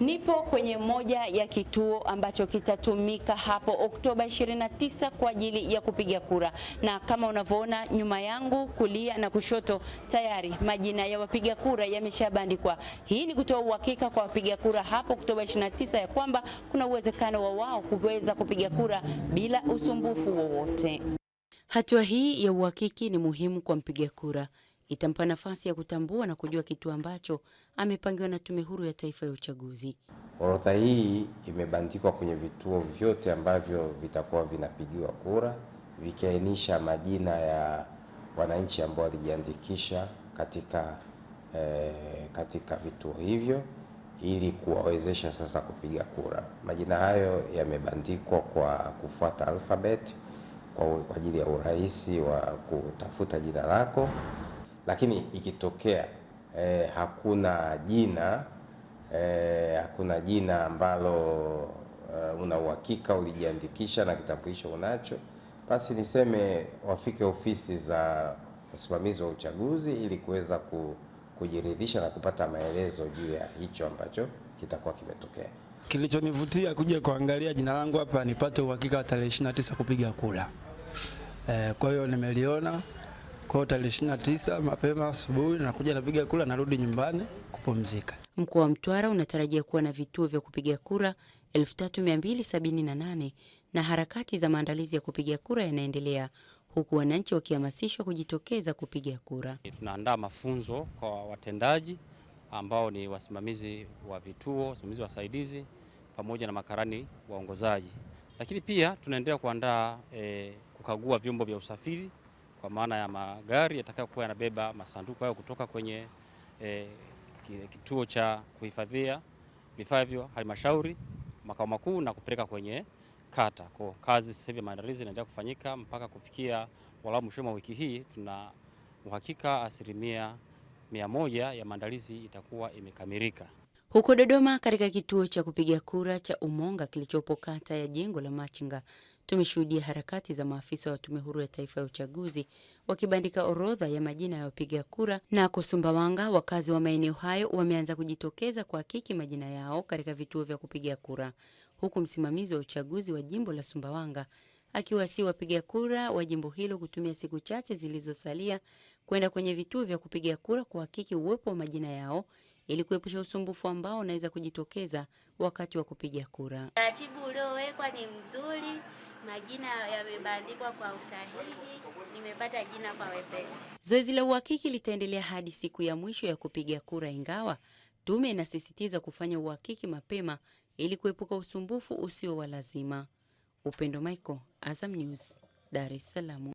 Nipo kwenye moja ya kituo ambacho kitatumika hapo Oktoba 29 kwa ajili ya kupiga kura, na kama unavyoona nyuma yangu kulia na kushoto, tayari majina ya wapiga kura yameshabandikwa. Hii ni kutoa uhakika kwa wapiga kura hapo Oktoba 29 ya kwamba kuna uwezekano wa wao kuweza kupiga kura bila usumbufu wowote. Hatua hii ya uhakiki ni muhimu kwa mpiga kura itampa nafasi ya kutambua na kujua kitu ambacho amepangiwa na Tume Huru ya Taifa ya Uchaguzi. Orodha hii imebandikwa kwenye vituo vyote ambavyo vitakuwa vinapigiwa kura, vikiainisha majina ya wananchi ambao walijiandikisha katika, eh, katika vituo hivyo ili kuwawezesha sasa kupiga kura. Majina hayo yamebandikwa kwa kufuata alfabeti kwa ajili ya urahisi wa kutafuta jina lako lakini ikitokea eh, hakuna jina eh, hakuna jina ambalo eh, una uhakika ulijiandikisha na kitambulisho unacho, basi niseme wafike ofisi za usimamizi wa uchaguzi ili kuweza ku kujiridhisha na kupata maelezo juu ya hicho ambacho kitakuwa kimetokea. Kilichonivutia kuja kuangalia jina langu hapa nipate uhakika wa tarehe 29 kupiga kura. E, kwa hiyo nimeliona kwao tarehe 29 mapema asubuhi nakuja napiga kura narudi nyumbani kupumzika. Mkoa wa Mtwara unatarajia kuwa na vituo vya kupiga kura 3278 na harakati za maandalizi ya kupiga kura yanaendelea huku wananchi wakihamasishwa kujitokeza kupiga kura. Tunaandaa mafunzo kwa watendaji ambao ni wasimamizi wa vituo, wasimamizi wasaidizi, pamoja na makarani waongozaji, lakini pia tunaendelea kuandaa e, kukagua vyombo vya usafiri kwa maana ya magari yatakayokuwa yanabeba masanduku hayo kutoka kwenye e, kituo cha kuhifadhia vifaa hivyo halmashauri makao makuu na kupeleka kwenye kata. Kwa kazi sasa hivi maandalizi yanaendelea kufanyika mpaka kufikia walau mwisho wa wiki hii, tuna uhakika asilimia mia moja ya maandalizi itakuwa imekamilika. Huko Dodoma, katika kituo cha kupiga kura cha Umonga kilichopo kata ya Jengo la Machinga tumeshuhudia harakati za maafisa wa Tume Huru ya Taifa ya Uchaguzi wakibandika orodha ya majina ya wapiga kura. Nako Sumbawanga, wakazi wa maeneo hayo wameanza kujitokeza kuhakiki majina yao katika vituo vya kupiga kura, huku msimamizi wa uchaguzi wa jimbo la Sumbawanga akiwasihi wapiga kura wa jimbo hilo kutumia siku chache zilizosalia kwenda kwenye vituo vya kupiga kura kuhakiki uwepo wa majina yao ili kuepusha usumbufu ambao unaweza kujitokeza wakati wa kupiga kura. Taratibu uliowekwa ni mzuri majina yamebandikwa kwa usahihi, nimepata jina kwa wepesi. Zoezi la uhakiki litaendelea hadi siku ya mwisho ya kupiga kura, ingawa tume inasisitiza kufanya uhakiki mapema ili kuepuka usumbufu usio wa lazima. Upendo Michael, Azam News, Dar es Salaam.